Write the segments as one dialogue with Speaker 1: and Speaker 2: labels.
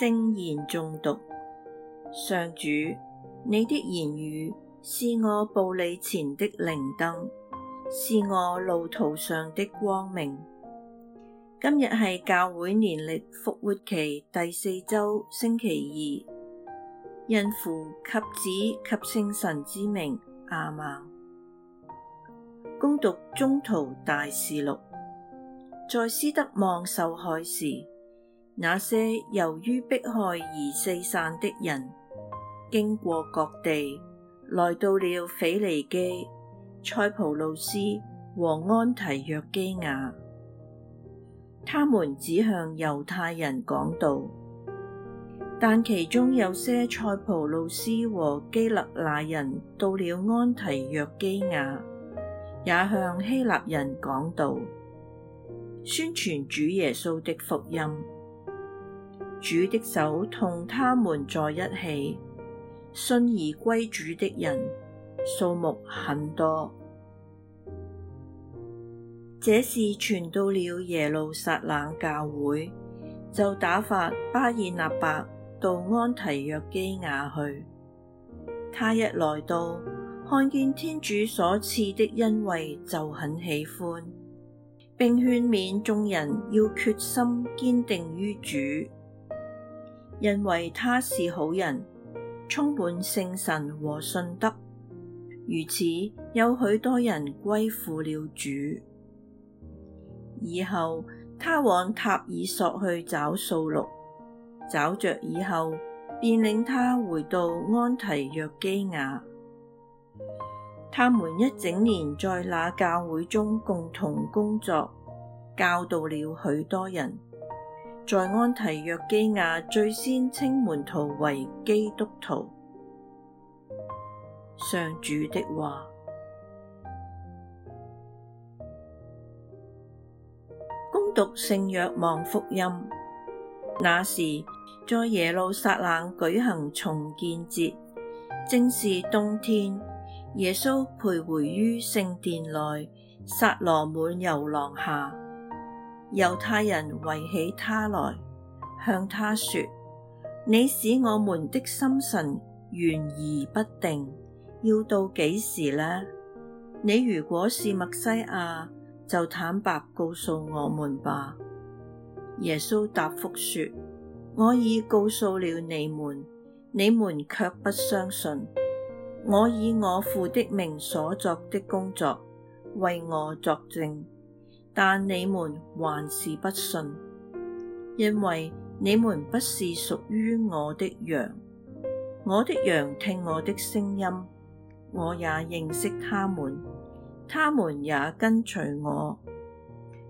Speaker 1: 聖言誦讀。上主，你的言語是我步履前的靈燈，是我路途上的光明。今日係教會年曆復活期第四周星期二，因父及子及聖神之名，阿們，恭讀宗徒大事錄，在斯德望受害時。那些由於迫害而四散的人，經過各地，來到了腓尼基、塞浦路斯和安提約基雅。他們只向猶太人講道，但其中有些塞浦路斯和基勒乃人到了安提約基雅，也向希臘人講道，宣傳主耶穌的福音。主的手同他們在一起，信而歸主的人，數目很多。這事傳到了耶路撒冷教會，就打發巴爾納伯到安提約基亞去。他一來到，看見天主所賜的恩惠，就很喜歡，並勸勉眾人要決心堅定於主。因為他是好人，充滿聖神和信德，如此有許多人歸附了主。以後，他往塔爾索去找掃祿，找着以後，便領他回到安提約基雅。他們一整年在那教會中共同工作，教導了許多人。在安提約基亞最先稱門徒為基督徒。上主的話，恭讀聖若望福音。那時，在耶路撒冷舉行重建節，正是冬天，耶穌徘徊於聖殿內，撒羅滿遊廊下。猶太人圍起他來，向他說：你使我們的心神懸疑不定，要到幾時呢？你如果是默西亞，就坦白告訴我們吧。耶穌答覆說：我已告訴了你們，你們卻不相信。我以我父的名所作的工作，為我作證。但你們還是不信，因為你們不是屬於我的羊。我的羊聽我的聲音，我也認識他們，他們也跟隨我。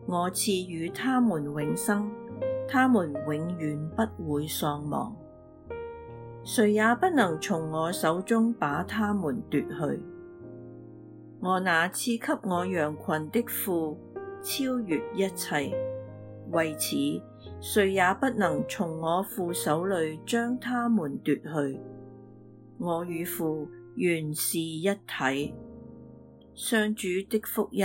Speaker 1: 我賜予他們永生，他們永遠不會喪亡，誰也不能從我手中把他們奪去。我那賜給我羊群的父，超越一切，為此，誰也不能從我父手裏將他們奪去。我與父原是一體。上主的福音。